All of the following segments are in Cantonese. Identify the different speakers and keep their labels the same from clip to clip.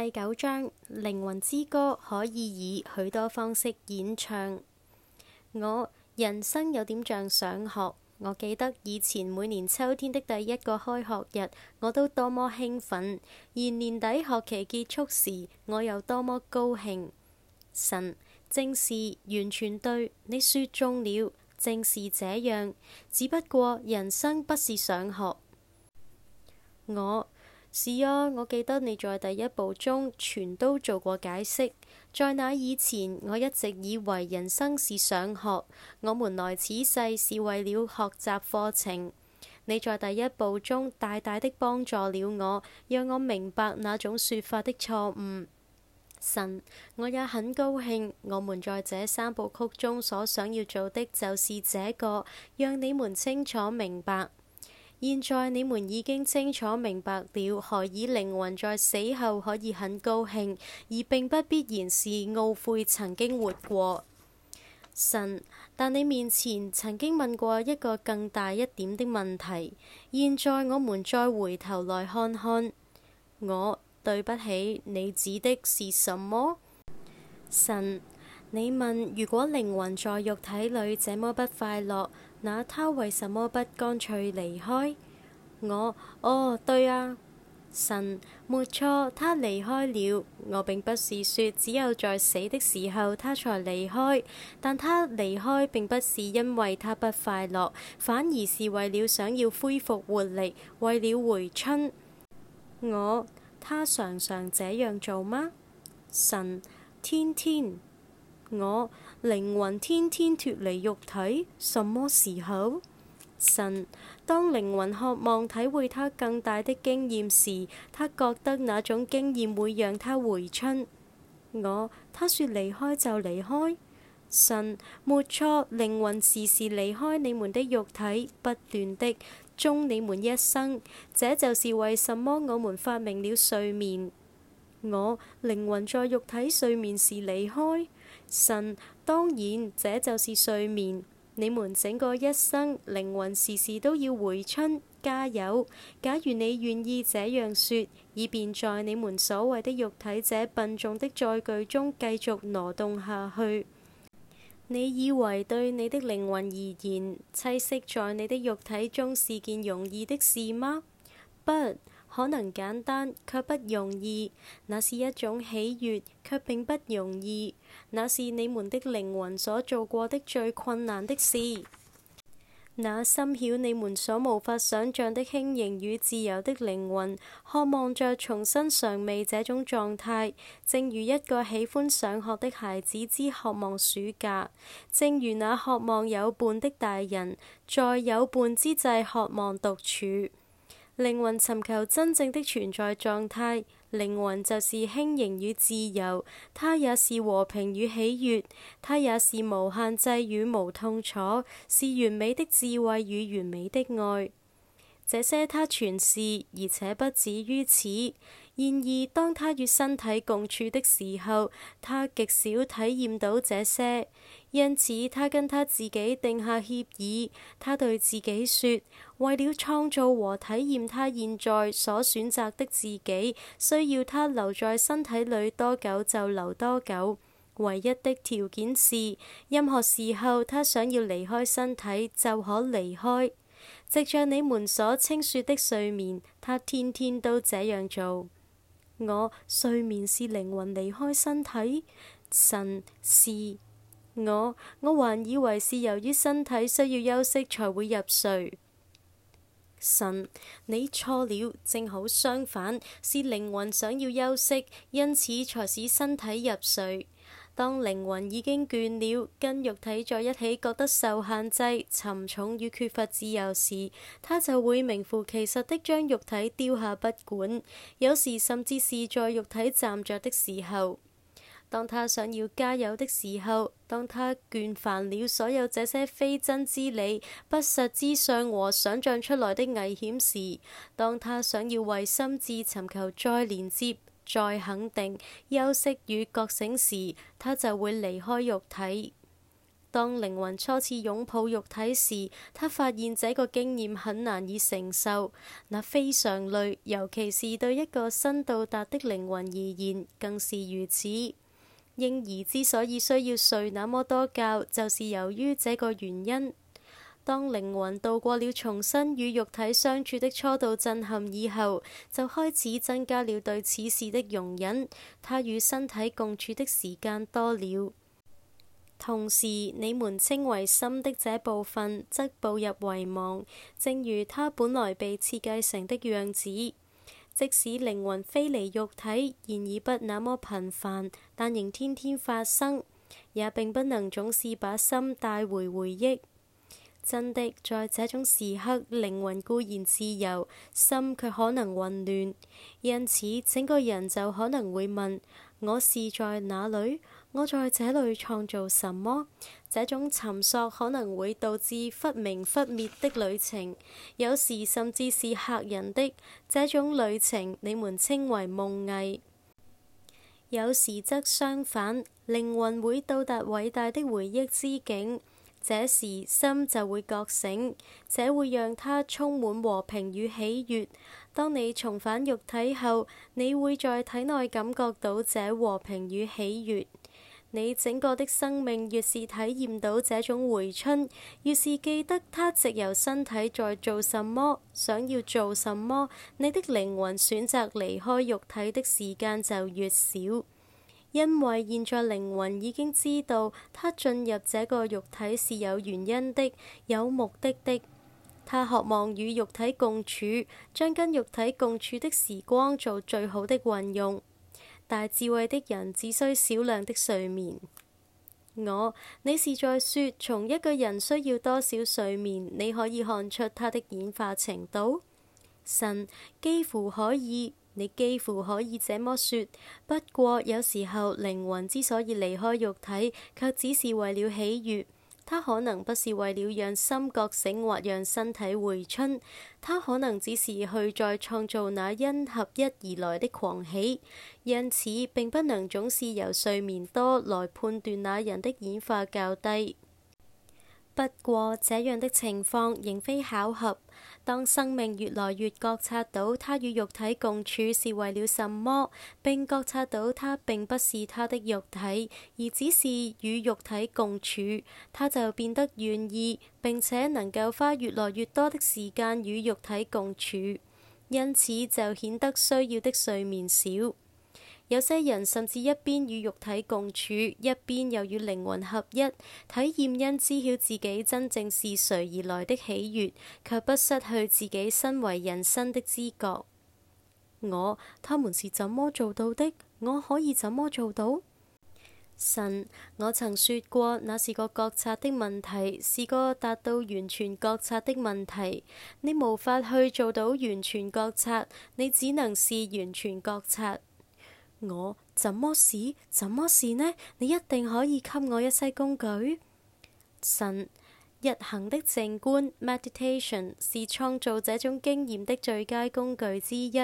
Speaker 1: 第九章，靈魂之歌可以以許多方式演唱。我人生有點像上學，我記得以前每年秋天的第一個開學日，我都多麼興奮，而年底學期結束時，我又多麼高興。神，正是完全對。你說中了，正是這樣。只不過人生不是上學，我。是啊，我記得你在第一部中全都做過解釋。在那以前，我一直以為人生是上學，我們來此世是為了學習課程。你在第一部中大大的幫助了我，讓我明白那種說法的錯誤。神，我也很高興，我們在這三部曲中所想要做的就是這個，讓你們清楚明白。現在你們已經清楚明白了，何以靈魂在死後可以很高興，而並不必然是懊悔曾經活過，神。但你面前曾經問過一個更大一點的問題，現在我們再回頭來看看。我，對不起，你指的是什麼？神，你問如果靈魂在肉體裏這麼不快樂？那他為什麼不乾脆離開？我，哦，對啊，神，沒錯。他離開了。我並不是說只有在死的時候他才離開，但他離開並不是因為他不快樂，反而是為了想要恢復活力，為了回春。我，他常常這樣做嗎？神，天天。我靈魂天天脱離肉體，什麼時候？神，當靈魂渴望體會他更大的經驗時，他覺得那種經驗會讓他回春。我，他說離開就離開，神，沒錯，靈魂時時離開你們的肉體，不斷的終你們一生。這就是為什麼我們發明了睡眠。我靈魂在肉體睡眠時離開。神，當然，這就是睡眠。你們整個一生靈魂時時都要回春加油，假如你願意這樣說，以便在你們所謂的肉體這笨重的載具中繼續挪動下去。你以為對你的靈魂而言，棲息在你的肉體中是件容易的事嗎？不。可能簡單，卻不容易。那是一種喜悅，卻並不容易。那是你們的靈魂所做過的最困難的事。那深曉你們所無法想像的輕盈與自由的靈魂，渴望著重新嘗味這種狀態，正如一個喜歡上學的孩子之渴望暑假，正如那渴望有伴的大人，在有伴之際渴望獨處。靈魂尋求真正的存在狀態，靈魂就是輕盈與自由，它也是和平與喜悦，它也是無限制與無痛楚，是完美的智慧與完美的愛。這些他全是，而且不止於此。然而，當他與身體共處的時候，他極少體驗到這些。因此，他跟他自己定下協議，他對自己說：為了創造和體驗他現在所選擇的自己，需要他留在身體裏多久就留多久。唯一的條件是，任何時候他想要離開身體，就可離開。就像你們所稱説的睡眠，他天天都這樣做。我，睡眠是靈魂離開身體？神，是我。我還以為是由於身體需要休息才會入睡。神，你錯了，正好相反，是靈魂想要休息，因此才使身體入睡。當靈魂已經倦了，跟肉體在一起覺得受限制、沉重與缺乏自由時，他就會名副其實的將肉體丟下不管。有時甚至是在肉體站着的時候，當他想要加油的時候，當他倦煩了所有這些非真之理、不實之相和想象出來的危險時，當他想要為心智尋求再連接，再肯定休息與覺醒時，他就會離開肉體。當靈魂初次擁抱肉體時，他發現這個經驗很難以承受，那非常累，尤其是對一個新到達的靈魂而言，更是如此。嬰兒之所以需要睡那麼多覺，就是由於這個原因。當靈魂渡過了重新與肉體相處的初度震撼以後，就開始增加了對此事的容忍。他與身體共處的時間多了，同時你們稱為心的這部分則步入遺忘，正如它本來被設計成的樣子。即使靈魂飛離肉體，現已不那麼頻繁，但仍天天發生，也並不能總是把心帶回回憶。真的，在這種時刻，靈魂固然自由，心卻可能混亂。因此整個人就可能會問，我是在哪裏？我在這裏創造什麼？這種尋索可能會導致忽明忽滅的旅程，有時甚至是吓人的。這種旅程你們稱為夢囈。有時則相反，靈魂會到達偉大的回憶之境。這時心就會覺醒，這會讓他充滿和平與喜悅。當你重返肉體後，你會在體內感覺到這和平與喜悅。你整個的生命越是體驗到這種回春，越是記得他藉由身體在做什麼，想要做什麼，你的靈魂選擇離開肉體的時間就越少。因為現在靈魂已經知道，他進入這個肉體是有原因的，有目的的。他渴望與肉體共處，將跟肉體共處的時光做最好的運用。大智慧的人只需少量的睡眠。我，你是在說從一個人需要多少睡眠，你可以看出他的演化程度？神幾乎可以，你幾乎可以這麼說。不過有時候靈魂之所以離開肉體，卻只是為了喜悅。他可能不是為了讓心覺醒或讓身體回春，他可能只是去再創造那因合一而來的狂喜。因此，並不能總是由睡眠多來判斷那人的演化較低。不過這樣的情況仍非巧合。當生命越來越覺察到他與肉體共處是為了什麼，並覺察到他並不是他的肉體，而只是與肉體共處，他就變得願意，並且能夠花越來越多的時間與肉體共處，因此就顯得需要的睡眠少。有些人甚至一邊與肉體共處，一邊又與靈魂合一，體驗因知曉自己真正是誰而來的喜悦，卻不失去自己身為人生的知覺。我，他們是怎麼做到的？我可以怎麼做到？神，我曾說過，那是個覺察的問題，是個達到完全覺察的問題，你無法去做到完全覺察，你只能是完全覺察。我怎麼使怎麼事呢？你一定可以給我一些工具。神，日行的靜觀 meditation 是創造這種經驗的最佳工具之一，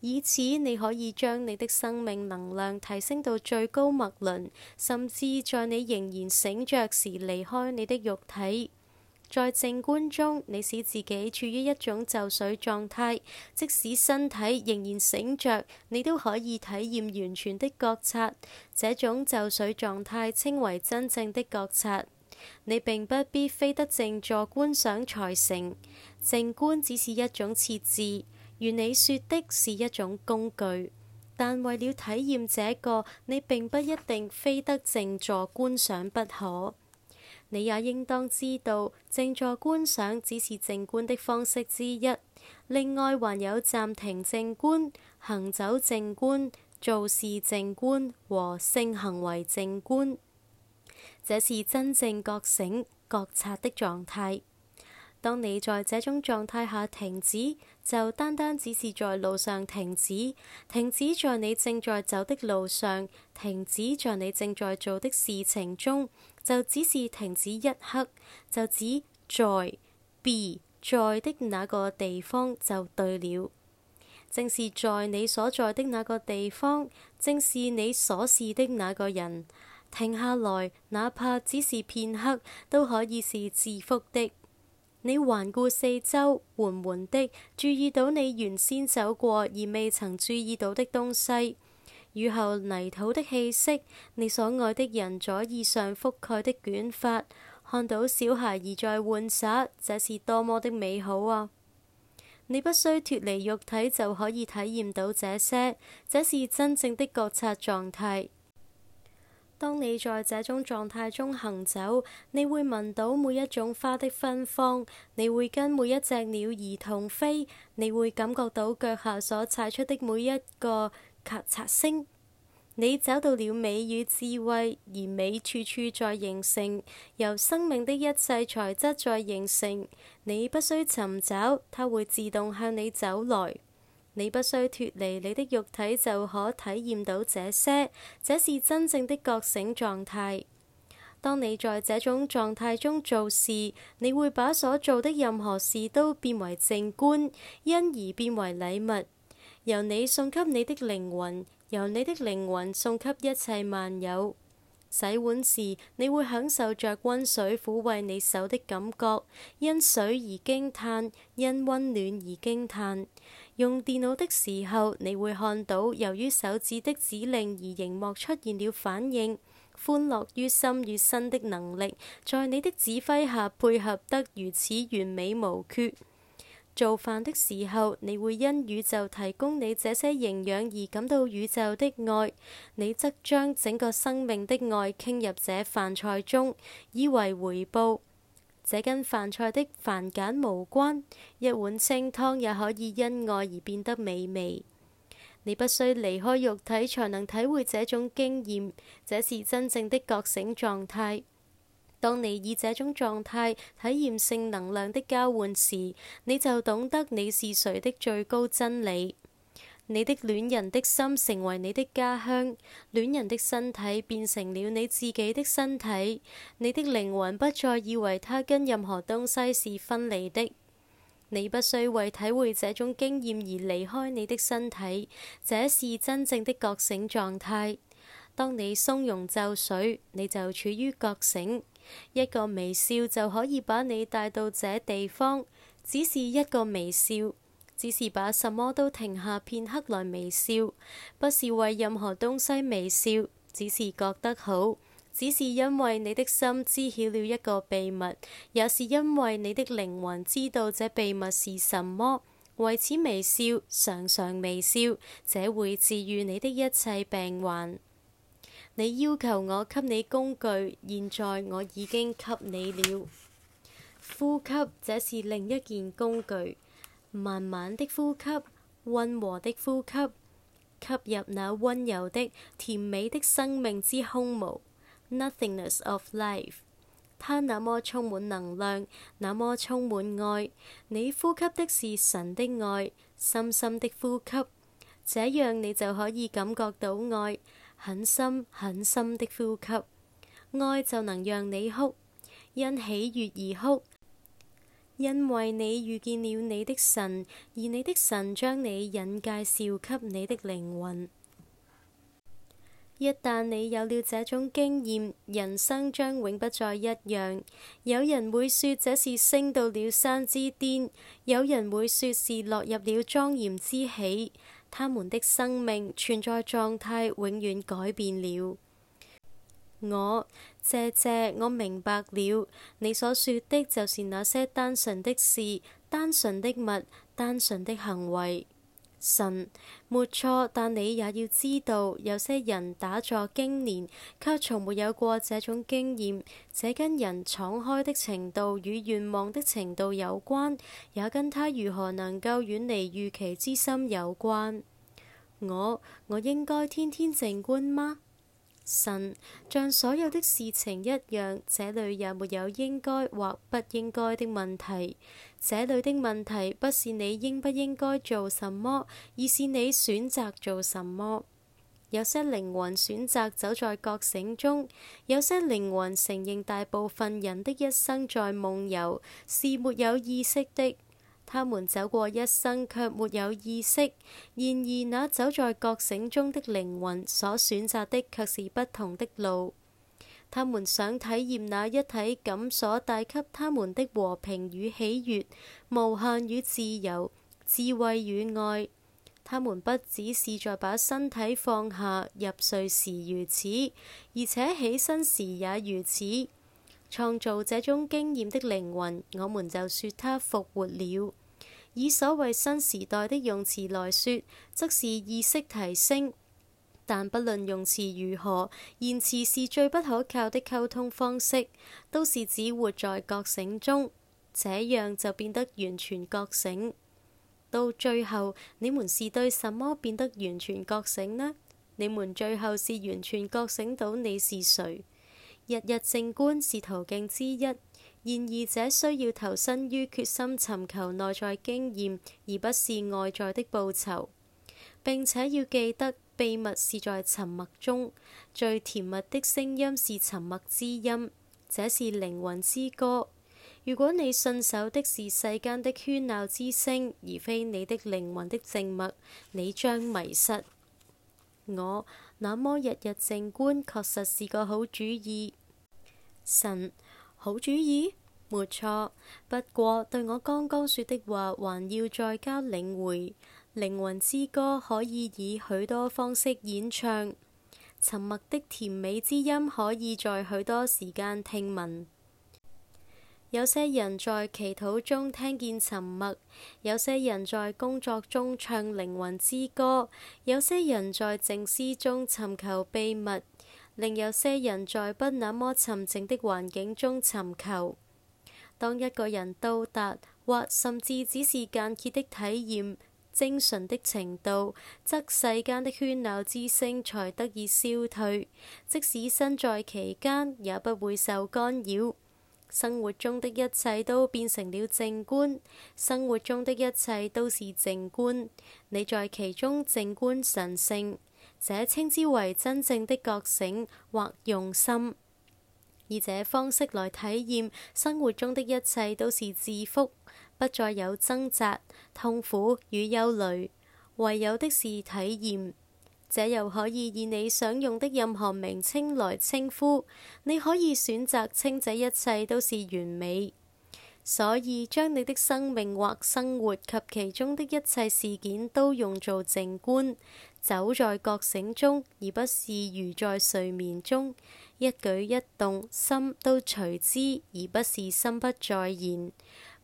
Speaker 1: 以此你可以將你的生命能量提升到最高脈輪，甚至在你仍然醒着時離開你的肉體。在靜觀中，你使自己處於一種就緒狀態，即使身體仍然醒着，你都可以體驗完全的覺察。這種就緒狀態稱為真正的覺察。你並不必非得靜坐觀想才成。靜觀只是一種設置，如你說的是一種工具，但為了體驗這個，你並不一定非得靜坐觀想不可。你也應當知道，靜坐觀想只是靜觀的方式之一。另外還有暫停靜觀、行走靜觀、做事靜觀和性行為靜觀，這是真正覺醒覺察的狀態。當你在這種狀態下停止，就單單只是在路上停止，停止在你正在走的路上，停止在你正在做的事情中。就只是停止一刻，就只在必在的那個地方就對了。正是在你所在的那個地方，正是你所是的那個人，停下來，哪怕只是片刻，都可以是自福的。你環顧四周，緩緩的注意到你原先走過而未曾注意到的東西。雨後泥土的氣息，你所愛的人左耳上覆蓋的捲髮，看到小孩兒在玩耍，這是多麼的美好啊！你不需脱離肉體就可以體驗到這些，這是真正的覺察狀態。當你在這種狀態中行走，你會聞到每一種花的芬芳，你會跟每一隻鳥兒同飛，你會感覺到腳下所踩出的每一個。咔嚓聲，你找到了美與智慧，而美處處在形成，由生命的一切材質在形成。你不需尋找，它會自動向你走來。你不需脫離你的肉體，就可體驗到這些。這是真正的覺醒狀態。當你在這種狀態中做事，你會把所做的任何事都變為靜觀，因而變為禮物。由你送給你的靈魂，由你的靈魂送給一切萬有。洗碗時，你會享受着溫水撫慰你手的感覺，因水而驚嘆，因溫暖而驚嘆。用電腦的時候，你會看到由於手指的指令而熒幕出現了反應，歡樂於心與身的能力，在你的指揮下配合得如此完美無缺。做飯的時候，你會因宇宙提供你這些營養而感到宇宙的愛，你則將整個生命的愛傾入這飯菜中，以為回報。這跟飯菜的繁簡無關，一碗清湯也可以因愛而變得美味。你不需離開肉體才能體會這種經驗，這是真正的覺醒狀態。當你以這種狀態體驗性能量的交換時，你就懂得你是誰的最高真理。你的戀人的心成為你的家鄉，戀人的身體變成了你自己的身體，你的靈魂不再以為它跟任何東西是分離的。你不需要為體會這種經驗而離開你的身體，這是真正的覺醒狀態。當你鬆容就水，你就處於覺醒。一個微笑就可以把你帶到這地方，只是一個微笑，只是把什麼都停下片刻來微笑，不是為任何東西微笑，只是覺得好，只是因為你的心知曉了一個秘密，也是因為你的靈魂知道這秘密是什麼，為此微笑，常常微笑，這會治愈你的一切病患。你要求我給你工具，現在我已經給你了。呼吸，這是另一件工具。慢慢的呼吸，温和的呼吸，吸入那温柔的、甜美的生命之空無 （nothingness of life）。它那麼充滿能量，那麼充滿愛。你呼吸的是神的愛，深深的呼吸，這樣你就可以感覺到愛。很深很深的呼吸，愛就能讓你哭，因喜悦而哭，因為你遇見了你的神，而你的神將你引介紹給你的靈魂。一旦你有了這種經驗，人生將永不再一樣。有人會說這是升到了山之巔，有人會說是落入了莊嚴之喜。他們的生命存在狀態永遠改變了。我謝謝，我明白了。你所說的就是那些單純的事、單純的物、單純的行為。神，沒錯，但你也要知道，有些人打坐經年，卻從沒有過這種經驗。這跟人敞開的程度與願望的程度有關，也跟他如何能夠遠離預期之心有關。我，我應該天天靜觀嗎？神，像所有的事情一樣，這裏也沒有應該或不應該的問題。這裏的問題不是你應不應該做什麼，而是你選擇做什麼。有些靈魂選擇走在覺醒中，有些靈魂承認大部分人的一生在夢遊，是沒有意識的。他們走過一生，卻沒有意識。然而，那走在覺醒中的靈魂所選擇的，卻是不同的路。他們想體驗那一體感所帶給他們的和平與喜悅、無限與自由、智慧與愛。他們不只是在把身體放下入睡時如此，而且起身時也如此。創造這種經驗的靈魂，我們就說它復活了。以所謂新時代的用詞來說，則是意識提升。但不論用詞如何，言辭是最不可靠的溝通方式，都是指活在覺醒中。這樣就變得完全覺醒。到最後，你們是對什麼變得完全覺醒呢？你們最後是完全覺醒到你是誰？日日靜觀是途徑之一，然而這需要投身於決心尋求內在經驗，而不是外在的報酬，並且要記得秘密是在沉默中，最甜蜜的聲音是沉默之音，這是靈魂之歌。如果你信守的是世間的喧鬧之聲，而非你的靈魂的靜默，你將迷失。我那麼日日靜觀，確實是個好主意。神，好主意，沒錯。不過對我剛剛說的話，還要再加領會。靈魂之歌可以以許多方式演唱，沉默的甜美之音可以在許多時間聽聞。有些人在祈禱中聽見沉默，有些人在工作中唱靈魂之歌，有些人在靜思中尋求秘密，另有些人在不那麼沉靜的環境中尋求。當一個人到達或甚至只是間歇的體驗精神的程度，則世間的喧鬧之聲才得以消退，即使身在其間，也不會受干擾。生活中的一切都變成了靜觀，生活中的一切都是靜觀。你在其中靜觀神聖，這稱之為真正的覺醒或用心，以這方式來體驗生活中的一切都是至福，不再有掙扎、痛苦與憂慮，唯有的是體驗。這又可以以你想用的任何名稱來稱呼。你可以選擇稱這一切都是完美，所以將你的生命或生活及其中的一切事件都用做靜觀，走在覺醒中，而不是如在睡眠中。一舉一動，心都隨之，而不是心不在焉。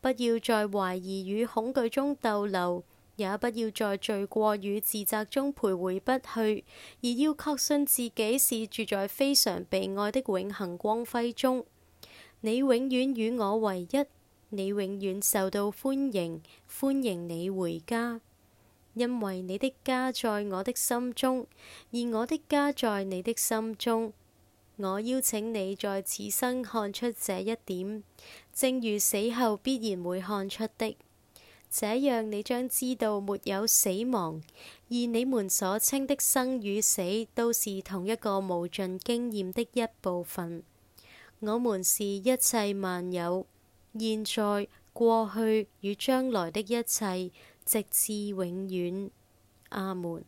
Speaker 1: 不要在懷疑與恐懼中逗留。也不要，在罪過與自責中徘徊不去，而要確信自己是住在非常被愛的永恒光輝中。你永遠與我為一，你永遠受到歡迎，歡迎你回家，因為你的家在我的心中，而我的家在你的心中。我邀請你在此生看出這一點，正如死後必然會看出的。這樣，你將知道沒有死亡，而你們所稱的生與死，都是同一個無盡經驗的一部分。我們是一切萬有，現在、過去與將來的一切，直至永遠。阿門。